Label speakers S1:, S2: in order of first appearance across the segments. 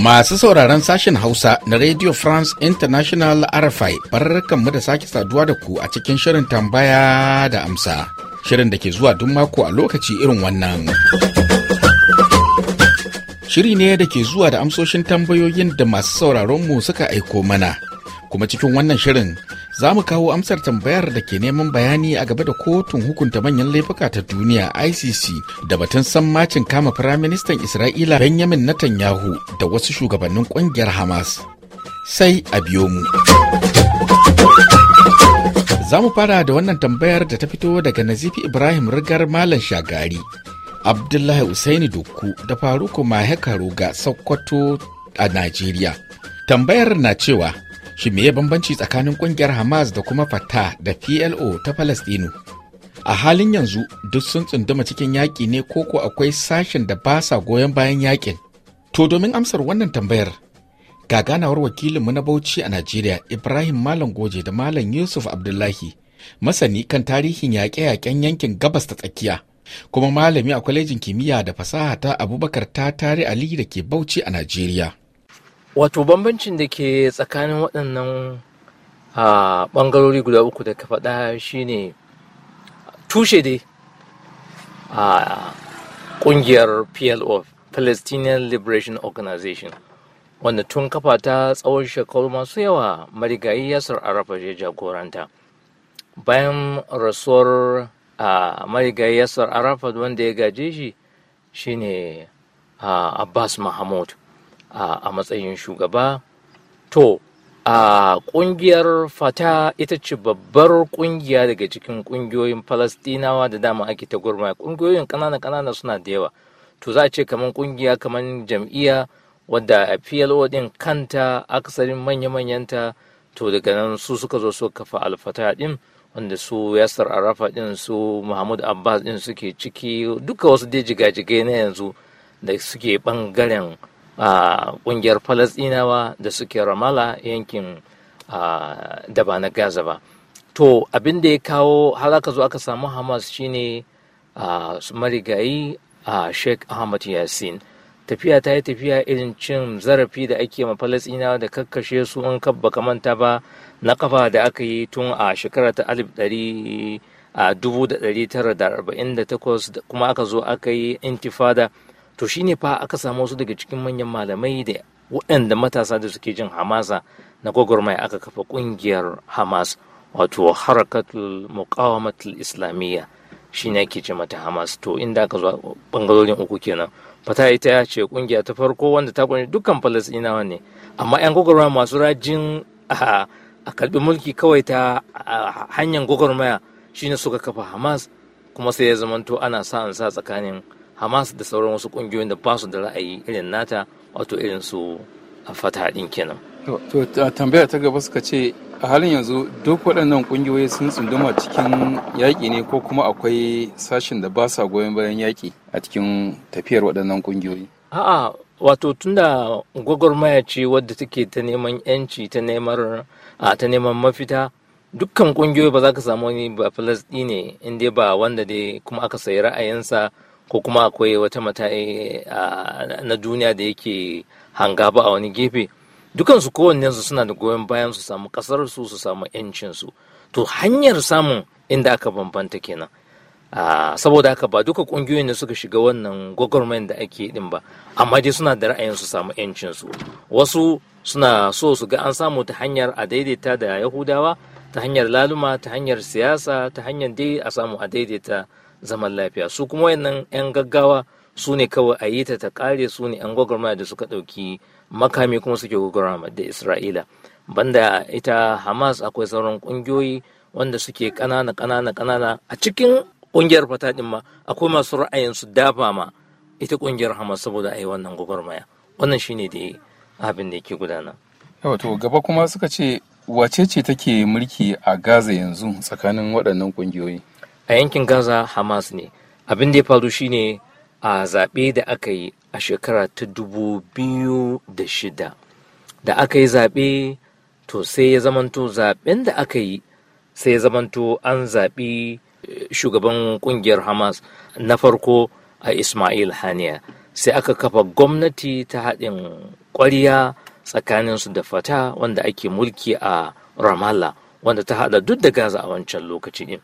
S1: Masu sauraron sashen Hausa na Radio France International RFI barkanmu da sake saduwa da ku a cikin shirin tambaya da amsa. Shirin da ke zuwa duk mako a lokaci irin wannan. Shiri ne da ke zuwa da amsoshin tambayoyin da masu sauraronmu suka aiko mana. Kuma cikin wannan shirin za mu kawo amsar tambayar da ke neman bayani a gaba da kotun hukunta manyan laifuka ta duniya ICC da batun sammacin kama Firaministan Isra'ila Benjamin Netanyahu da wasu shugabannin ƙungiyar Hamas. Sai a biyo mu. Za mu fara da wannan tambayar da ta fito daga Nazifi Ibrahim Rigar Malam Shagari abdullahi usaini dukku da faruku maheka ga sokoto a najeriya tambayar na cewa shi meye bambanci tsakanin kungiyar hamas da kuma Fata da plo ta palestinu a halin yanzu duk sun tsunduma cikin yaƙi ne koko akwai sashen da ba sa goyon bayan yaƙin to domin amsar wannan tambayar ga ganawar wakilinmu na bauchi a najeriya ibrahim malam goje da malam yusuf abdullahi masani kan tarihin yaƙe-yaƙen yankin gabas ta tsakiya kuma malami a kwalejin kimiyya da fasaha ta abubakar ta tare ali da ke bauchi a najeriya
S2: wato bambancin da ke tsakanin waɗannan a ɓangarori guda uku da ka faɗa shine tushe dai a ƙungiyar plo palestinian liberation organization wanda tun kafa ta tsawon shekaru masu yawa marigayi yasar arafa ya jagoranta bayan rasuwar a marigayi yasar arafat wanda ya gaje shi shine abbas mahmud a matsayin shugaba to a kungiyar fata ita ce babbar kungiya daga cikin kungiyoyin falastinawa da dama ake ta gurma kungiyoyin kanana-kanana suna da yawa to za a ce kamar kungiya kamar jam'iyya wadda a plo din kanta akasarin manya-manyanta to daga nan su suka zo suka kafa alfata din wanda su yasar arafa din su mahmud abbas ɗin suke ciki duka wasu dai jigajigai na yanzu da suke bangaren ƙungiyar falasdinawa da suke ramala yankin da ba na gaza ba to abin da ya kawo har aka zo aka samu hamas shine marigayi sheikh ahmad yasin tafiya ta yi tafiya irin cin zarafi da ake ma falasina da kakkashe su in baka manta ba na kafa da aka yi tun a shekara ta alif dari a dubu da dari tara da arba'in da takwas kuma aka zo aka yi intifada to shine fa aka samu wasu daga cikin manyan malamai da waɗanda matasa da suke jin hamasa na gwagwarmaya aka kafa ƙungiyar hamas wato harakatul muqawamatul islamiyya shi ne ake ce mata hamas to inda ka zo bangarorin uku kenan fata ita ce kungiya ta farko wanda ta kunshi dukkan falasɗinawa ne amma yan gwagwarmaya masu rajin a kalbi mulki kawai ta hanyar shi shine suka kafa hamas kuma sai ya zamanto ana sa sa tsakanin hamas da sauran wasu kungiyoyin da ba su da ra'ayi irin nata wato irin su a fata din kenan
S3: to tambaya ta gaba suka ce a halin yanzu duk waɗannan ƙungiyoyi sun tsunduma cikin yaƙi ne ko kuma akwai sashen da ba sa goyon bayan yaƙi a cikin tafiyar waɗannan ƙungiyoyi
S2: a'a wato tunda gwagwarmaya ce wadda take ta neman yanci ta neman ta neman mafita dukkan ƙungiyoyi ba za ka samu wani ba falasɗi ne in dai ba wanda dai kuma aka sayi ra'ayinsa ko kuma akwai wata mata'i eh, na duniya da yake hanga ba a wani gefe dukansu kowannensu suna da goyon bayan su samu kasar su samu yancin to hanyar samun inda aka bambanta kenan ah, saboda haka ba duka kungiyoyin da suka shiga wannan gwagwarmayin da ake din ba amma dai suna da ra'ayin su samu yancin wasu suna so su ga an samu ta hanyar a daidaita da yahudawa ta hanyar laluma ta hanyar siyasa ta hanyar dai a samu a daidaita zaman lafiya su kuma wayannan yan gaggawa su ne kawai a yi ta ta kare su ne yan gwagwarmaya da suka ɗauki makami kuma suke gogara da isra'ila banda ita hamas akwai sauran ƙungiyoyi wanda suke kanana kanana kanana a cikin ƙungiyar fata ma akwai masu ra'ayin su dafa ma ita kungiyar hamas saboda ai wannan gwagwarmaya wannan shine da abin da yake gudana
S3: yawa to gaba kuma suka ce wace ce take mulki a gaza yanzu tsakanin waɗannan ƙungiyoyi?
S2: a yankin gaza hamas ne abin da ya faru shine a zaɓe da aka yi a shekara ta dubu biyu da shida da aka yi zaɓe to sai ya zamanto zaɓen da aka yi sai ya zamanto an zaɓi eh, shugaban ƙungiyar hamas na farko a ismail haniya sai aka kafa gwamnati ta haɗin ƙwariya tsakaninsu da fata wanda ake mulki a ramallah wanda ta haɗa duk da gaza a wancan lokaci ɗin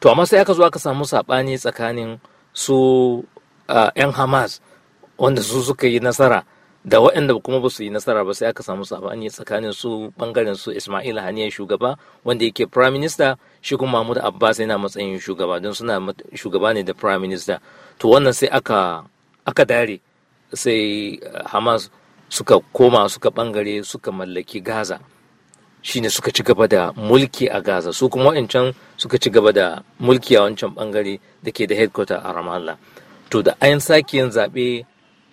S2: to amma sai aka zo aka samu saɓani tsakanin su ah, 'yan hamas wanda su suka yi nasara da waɗanda kuma ba su yi nasara ba sai aka samu sabani tsakanin su bangaren su Ismail haniya shugaba wanda yake prime minister shi kuma Mahmud Abbas yana matsayin shugaba don suna shugaba ne da prime minister to wannan sai aka aka dare sai Hamas suka koma suka bangare suka mallaki Gaza shine suka ci gaba da mulki a Gaza su kuma wancan suka ci gaba da mulki a wancan bangare da ke da headquarter a Ramallah to da an sake yin zaɓe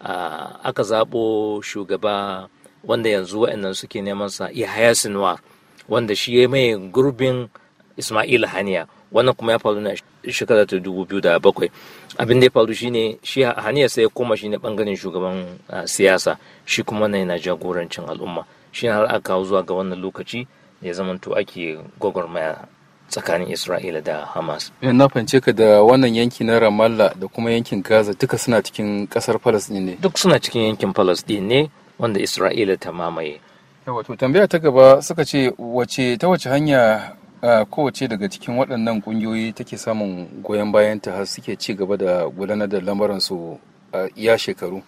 S2: Ah, aka zaɓo shugaba wanda yanzu wa'annan suke neman sa Yahaya Sinwar wanda shi ya mai gurbin Ismail Haniya wannan kuma ya faru na shekara ta dubu biyu da bakwai abin da ya faru shine shi Haniya sai ya koma ne bangaren shugaban ah, siyasa shi kuma na yana jagorancin al'umma shi har aka kawo zuwa ga wannan lokaci ya zamanto ake gwagwarmaya tsakanin Isra'ila da Hamas.
S3: Eh, na fahimce ka da wannan yanki na Ramallah da kuma yankin Gaza
S2: duka suna cikin kasar Palestine ne. Duk suna cikin yankin Palestine ne wanda Isra'ila ta mamaye.
S3: Wato tambaya ta gaba suka ce wace ta wace hanya kowace daga cikin waɗannan ƙungiyoyi take samun goyon ta har suke ci gaba da gudanar da lamarin a
S2: iya shekaru.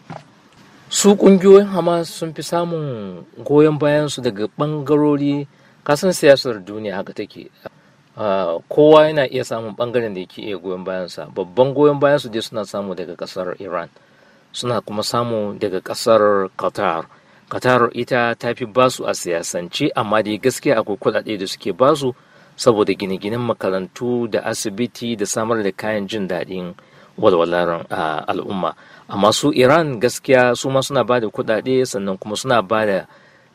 S2: Su ƙungiyoyin Hamas sun fi samun goyon bayan su daga ɓangarori kasan siyasar duniya haka take. Ah, kowa yana iya samun bangaren da yake iya goyon bayansa babban goyon bayansu dai suna samu daga kasar iran suna kuma samu daga kasar qatar qatar ita ta fi basu a siyasance amma dai gaskiya akwai kuɗaɗe da suke basu saboda gine-ginen makarantu da asibiti da samar da kayan jin daɗin walwalar ah, al'umma amma su iran gaskiya su ma suna ba da kuɗaɗe sannan kuma suna ba da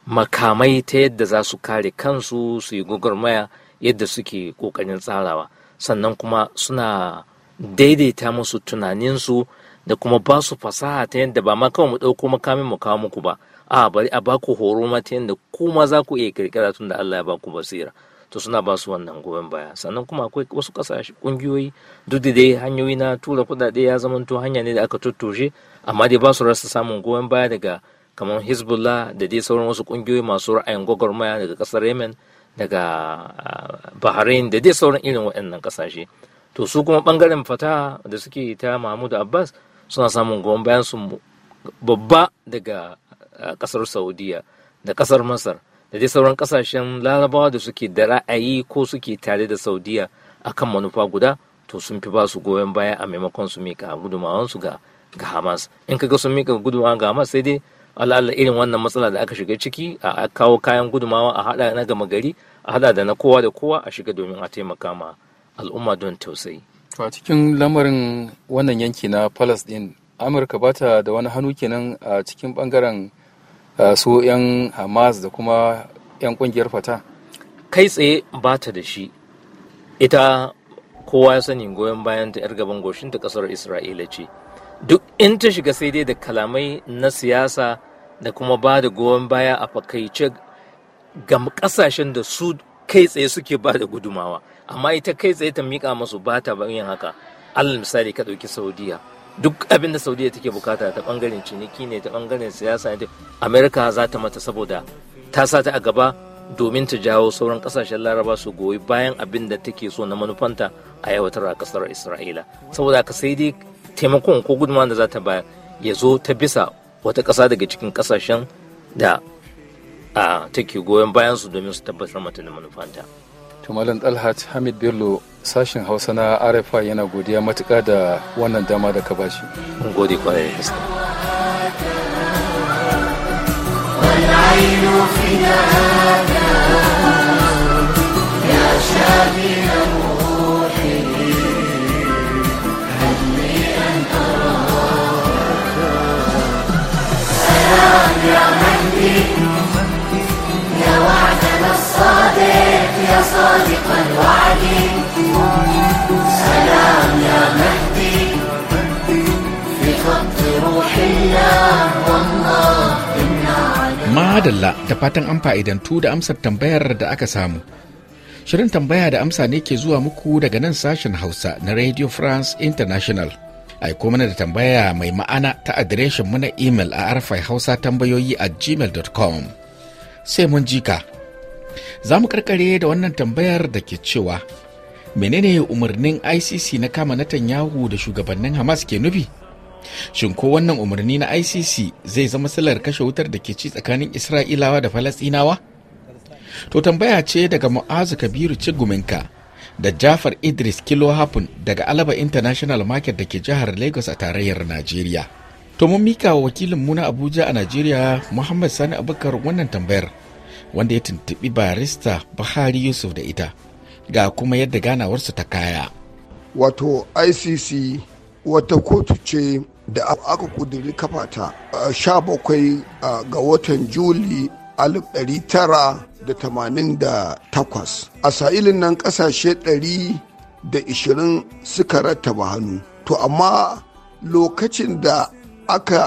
S2: makamai ta yadda za su kare kansu su yi gwagwarmaya yadda suke ƙoƙarin tsarawa sannan kuma suna daidaita musu tunaninsu da kuma ba su fasaha ta yadda ba ma mu ɗauko makamin mu kawo muku ba a bari a baku horo ma ta yadda kuma za ku iya kirkira tun da Allah ya baku basira to suna ba su wannan goyon baya sannan kuma akwai wasu kasashe kungiyoyi duk da dai hanyoyi na tura kuɗaɗe ya zamanto hanya ne da aka tuttoshe amma dai ba su rasa samun goyon baya daga kamar hezbollah da dai sauran wasu kungiyoyi masu ra'ayin gwagwarmaya daga ƙasar yemen daga ah, bahrain da dai sauran irin waɗannan ƙasashe to su kuma ɓangaren fata da suke ta mahmud abbas suna samun goyon bayan su babba daga ah, ƙasar saudiya da ƙasar masar da dai sauran ƙasashen larabawa da suke da ra'ayi ko suke tare da saudiya akan manufa guda to sun fi ba su goyon baya a maimakon su mika gudumawansu ga ga hamas in ka ga sun mika gudumawa ga hamas sai dai alala irin wannan matsala da aka shiga ciki a kawo kayan gudumawa a hada na gama gari a hada da na kowa da kowa a shiga domin a taimaka ma al'umma don tausayi
S3: to a cikin lamarin wannan yanki na Palace din amurka ba ta da wani hannu kenan a cikin bangaren su 'yan
S2: hamas da kuma 'yan kungiyar fata kai tsaye ba ta da shi ita kowa ya sani goyon bayan ta 'yar gaban goshin ta kasar isra'ila ce duk in ta shiga sai dai da kalamai na siyasa da kuma ba da goyon baya a fakaice ga kasashen da su kai tsaye suke ba da gudumawa amma ita kai tsaye ta miƙa masu ba ta yin haka alal misali ka ɗauki saudiya duk abin da saudiya take bukata ta ɓangaren ciniki ne ta ɓangaren siyasa ne amerika za ta mata saboda ta sa a gaba domin ta jawo sauran kasashen laraba su goyi bayan abin da take so na manufanta a yawatar a kasar isra'ila saboda ka sai dai taimakon ko gudumawa da za ta bayar ya zo ta bisa wata ƙasa daga cikin ƙasashen da a take goyon bayan su domin su tabbatar mata da manufanta.
S3: Tumalin malam dalhat hamid bello sashen hausa na rfi yana godiya matuka da wannan dama da ka bashi.
S2: mun gode kwarai da
S4: gaske. السلام
S1: da fatan an fa'idantu da amsar tambayar da aka samu. Shirin tambaya da amsa ne ke zuwa muku daga nan sashen Hausa na Radio France International. aiko mana da tambaya mai ma'ana ta adireshin mu na imel a arfai hausa tambayoyi a gmail.com sai mun jika za mu karkare da wannan tambayar da ke cewa menene umarnin icc na kama yahu da shugabannin hamas ke nufi shin ko wannan umarni na icc zai zama silar kashe wutar da ke ci tsakanin isra'ilawa da falasinawa to tambaya ce daga mu'azu kabiru ka da Jafar Idris Kilo Hapun daga Alaba International Market da ke jihar Lagos a tarayyar Najeriya. To mun mika wa wakilin mu na Abuja a Najeriya Muhammad Sani Abubakar wannan tambayar wanda ya tuntuɓi barista Buhari Yusuf da ita ga kuma yadda ganawarsu ta kaya.
S4: Wato ICC wata kotu ce da aka kudiri kafata sha bakwai ga watan Juli 1988 a sa'ilin nan kasashe 120 suka rattaba hannu to amma lokacin da aka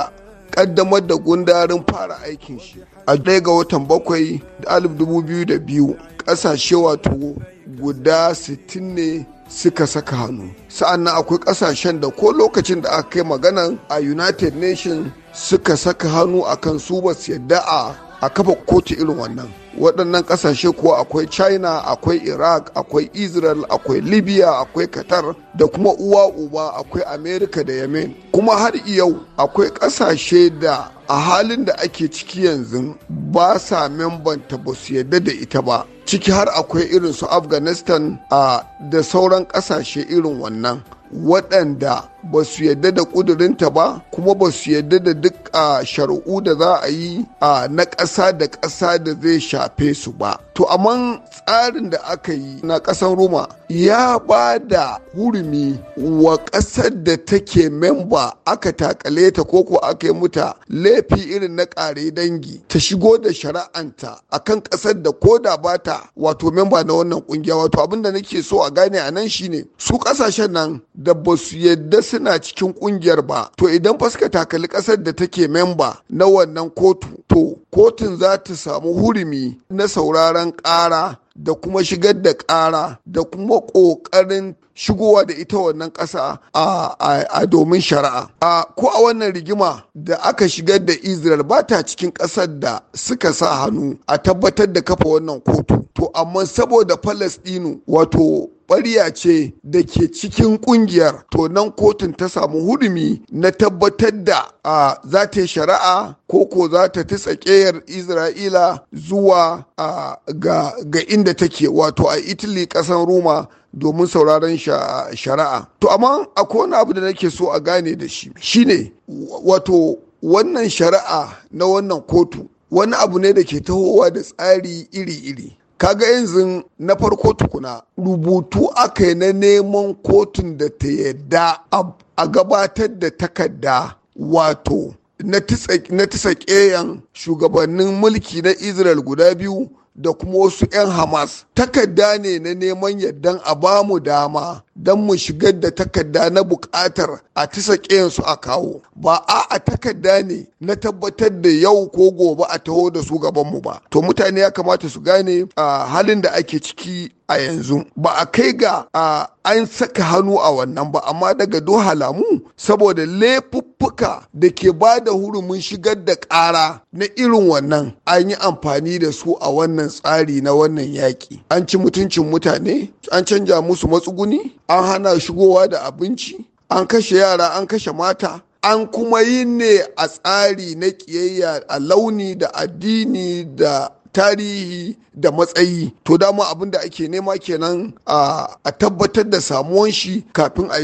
S4: kaddamar da gundarin fara aikin shi a daya ga watan bakwai da 2002 ƙasashe wato guda 60 ne suka saka hannu sa'annan akwai ƙasashen da ko lokacin da aka kai maganan a united nations suka saka hannu akan su ba su yadda a a kafa kotu irin wannan waɗannan ƙasashe kuwa akwai china akwai iraq akwai israel akwai libya akwai qatar da kuma uwa uba akwai america da yemen kuma har yau akwai ƙasashe da a halin da ake ciki yanzu ba sa membanta ba su yadda da ita ba ciki har akwai irin su afghanistan a da sauran ƙasashe irin wannan waɗanda ba su yadda da ƙudurinta ba kuma ba su yadda da duk a shari'u da za a yi a na ƙasa da ƙasa da zai shafe su ba to amma tsarin da aka yi na ƙasan roma ya ba da hurumi wa ƙasar da take memba aka takale ta koko aka yi muta laifi irin na ƙare dangi ta shigo da shari'anta a kan ƙasar da ko da ba ta wato memba na wannan ƙungiya wato abin da nake so a gane a nan shine su ƙasashen nan da ba su yadda suna cikin ƙungiyar ba to idan fa suka takali ƙasar da take memba na wannan kotu to kotun za ta samu hurumi na sauraron ƙara da kuma shigar da ƙara da kuma ƙoƙarin shigowa da ita wannan ƙasa a domin shari'a. A ko a wannan rigima da aka shigar da Israel ba ta cikin ƙasar da suka sa hannu a tabbatar da kafa wannan kotu. To amma saboda Falasɗinu wato ɓarya ce da ke cikin ƙungiyar to nan kotun ta samu hudumi na tabbatar da a za ta yi shari'a ko ko za ta ta tsakiyar isra'ila zuwa ga, inda take wato a italy ƙasan roma domin sauraron shari'a to amma akwai wani abu da nake so a gane da shi shine wato wannan shari'a na wannan kotu wani abu ne da ke tahowa da tsari iri-iri kaga yanzu na farko tukuna rubutu aka yi na neman kotun da ta yadda a gabatar da takarda wato na tisa keyan shugabannin mulki na israel guda biyu da kuma wasu 'yan hamas takarda ne na neman yardan a bamu dama don mu shigar da takarda na buƙatar a sake su a kawo ba a a takarda ne na tabbatar da yau ko gobe a taho da su gabanmu ba to mutane ya kamata su gane a halin da ake ciki a yanzu ba a kai ga a an saka hannu a wannan ba amma daga doha lamu. saboda laifuffuka da ke ba da hurumin shigar da ƙara na irin wannan an yi amfani da su a wannan tsari na wannan yaƙi an ci mutuncin mutane an canja musu matsuguni an hana shigowa da abinci an kashe yara an kashe mata an kuma yi ne a tsari na ƙiyayya a launi da addini da tarihi da matsayi to dama abin da ake nema kenan a tabbatar da samuwan shi kafin a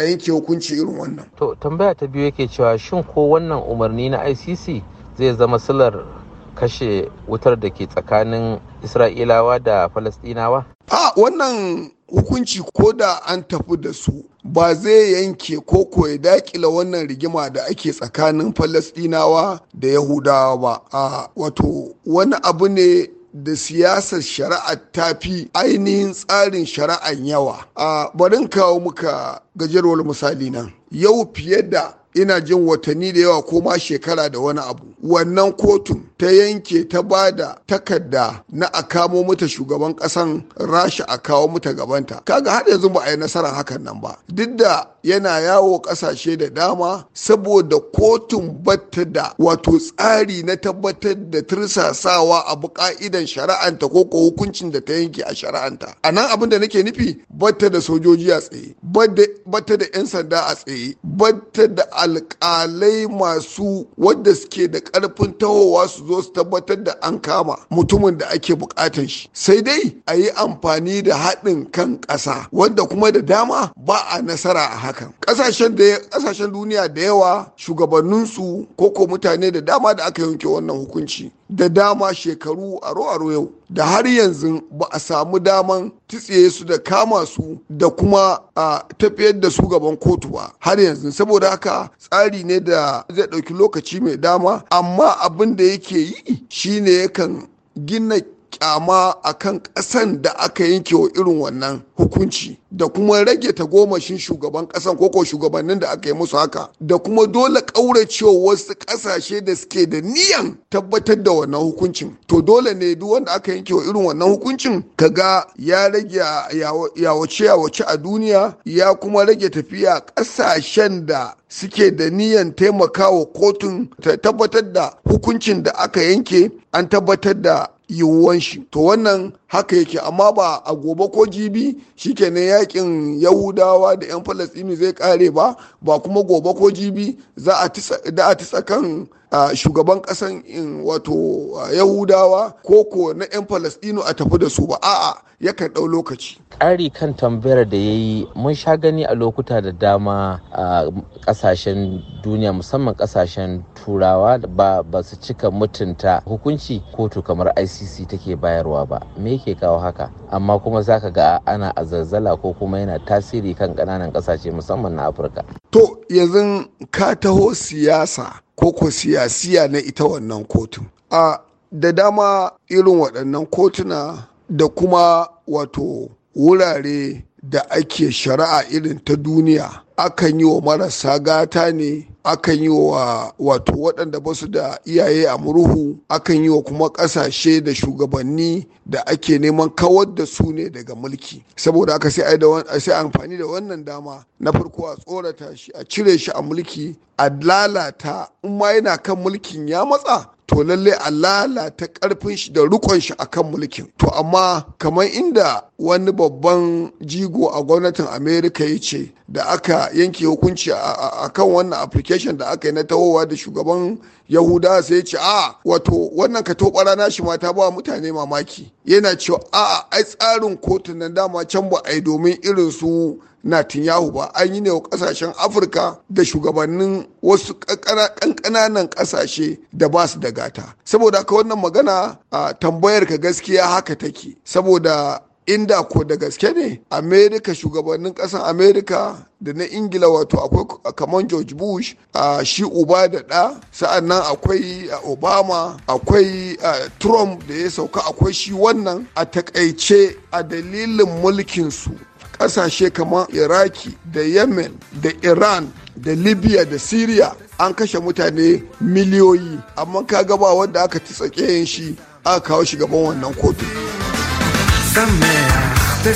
S4: yanke hukunci irin wannan to tambaya
S1: ta biyu yake cewa shin ko wannan umarni na icc zai zama silar kashe wutar da ke tsakanin isra'ilawa da Falasɗinawa?
S4: a wannan hukunci ko da an tafi da su ba zai yanke ko ya dakila wannan rigima da ake tsakanin falasdinawa da yahudawa ba a wato wani abu ne da siyasar shari'a ta fi ainihin tsarin shari'ar yawa a barin kawo muka gajerwar misali nan yau fiye da ina jin watanni da yawa ko ma shekara da wani abu wannan kotun ta yanke ta bada takarda na a kamo mata shugaban ƙasan rasha a kawo mata gabanta kaga har yanzu ba a yi nasarar hakan nan ba duk da yana yawo ƙasashe da dama saboda kotun batta da wato tsari na tabbatar da tirsasawa a buƙa'idan shari'anta ko ko hukuncin da ta yanke a shari'anta a nan abin da nake nufi batta da sojoji a tsaye batta da 'yan sanda a tsaye batta da alƙalai masu wadda suke da ƙarfin tahowa su zo zo su tabbatar da an kama mutumin da ake bukatan shi sai dai a yi amfani da haɗin kan ƙasa wanda kuma da dama ba a nasara a hakan ƙasashen duniya da yawa shugabanninsu ko ko mutane da dama da aka yanke wannan hukunci da dama shekaru aro-aro yau da har yanzu ba a samu daman titsiye su da kama su da kuma a tafiyar da su gaban kotu ba har yanzu saboda haka tsari ne da zai ɗauki lokaci mai dama amma abin da yake yi shine yakan gina kyama a kan ƙasan da aka yanke wa irin wannan hukunci da kuma rage tagomashin shugaban ƙasan koko shugabannin da aka yi musu haka da kuma dole ƙauracewa wasu ƙasashe da suke da niyan tabbatar da wannan hukuncin to dole ne duk wanda aka yanke wa irin wannan hukuncin kaga ya rage yawace yawace a duniya ya kuma rage tafiya ƙasashen da suke da niyan taimakawa kotun ta tabbatar da hukuncin da aka yanke an tabbatar da 有晚上多能？haka yake amma ba a gobe ko jibi ne yakin yahudawa da 'yan falastini zai kare ba ba kuma gobe ko jibi za a tisa kan shugaban kasan wato yahudawa ko ko na 'yan falastinu a tafi da su ba a'a yakan ɗau lokaci ƙari
S1: kan tambayar da ya yi mun sha gani a lokuta da dama a ƙasashen duniya musamman ƙasashen turawa ba su cika mutunta hukunci kotu kamar icc take bayarwa ba me yake kawo haka amma kuma ka ga ana a zazzala ko kuma yana tasiri kan ƙananan ƙasashe musamman na afirka
S4: to yanzu ka taho siyasa ko ko siyasiya na ita wannan kotun a da dama irin waɗannan kotuna da kuma wato wurare da ake shari'a irin ta duniya akan yi wa marasa gata ne akan yi wa wato waɗanda ba su da iyaye a murhu akan yi wa kuma ƙasashe da shugabanni da ake neman kawar da su ne daga mulki saboda aka sai amfani da wannan dama na farko a tsorata shi a cire shi a mulki a lalata in ma yana kan mulkin ya matsa to lalle a lalata karfin shi da rukon shi akan mulkin to amma kamar inda wani babban jigo a gwamnatin amerika ya ce da aka yanke hukunci a kan wannan application da aka yi na tawowa da shugaban yahuda sai ya ce a wato wannan ka toɓa rana shi mata ba mutane mamaki yana cewa a ai tsarin kotun nan dama can ba a yi domin irin su Netanyahu ba an yi ne wa kasashen Afirka da shugabannin wasu kankananan kasashe da ba su da gata. Saboda haka wannan magana a tambayar ka gaskiya haka take. Saboda inda ko da gaske ne amerika shugabannin ƙasan amerika da na ingila wato akwai kamar george bush a shi uba da ɗa sa'annan akwai obama akwai trump da ya sauka akwai shi wannan a takaice a dalilin mulkinsu kasashe kamar iraki da yemen da iran da libya da syria an kashe mutane miliyoyi amma ka gaba wanda aka ci tsake yin shi aka kawo shi gaban wannan kotu Zamea, te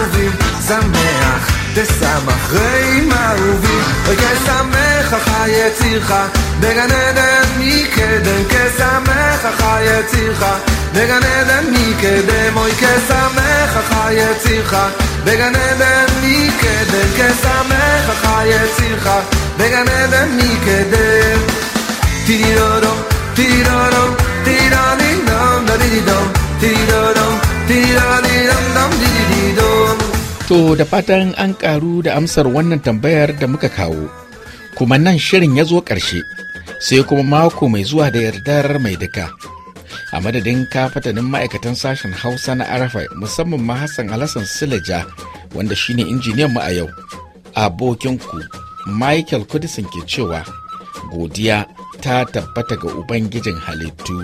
S4: uvi, zamea, דסמך רעים אהובים וכסמך יצירך בגן עדן מקדם כסמך יצירך בגן עדן מקדם אוי כסמך יצירך בגן עדן מקדם כסמך יצירך בגן עדן מקדם טירירורום טירירורום טירירורום טירירורום טירירורום טירירורום טירירורום
S1: To da fatan an karu da amsar wannan tambayar da muka kawo. Kuma nan shirin ya zo ƙarshe, sai kuma mako mai zuwa da yardar mai duka. A madadin kafatanin ma'aikatan sashen Hausa na Arafa musamman ma Hassan Alassan sileja wanda shine injiniyan mu a yau. Abokinku Michael Kudisin ke cewa godiya ta tabbata ga Ubangijin halittu.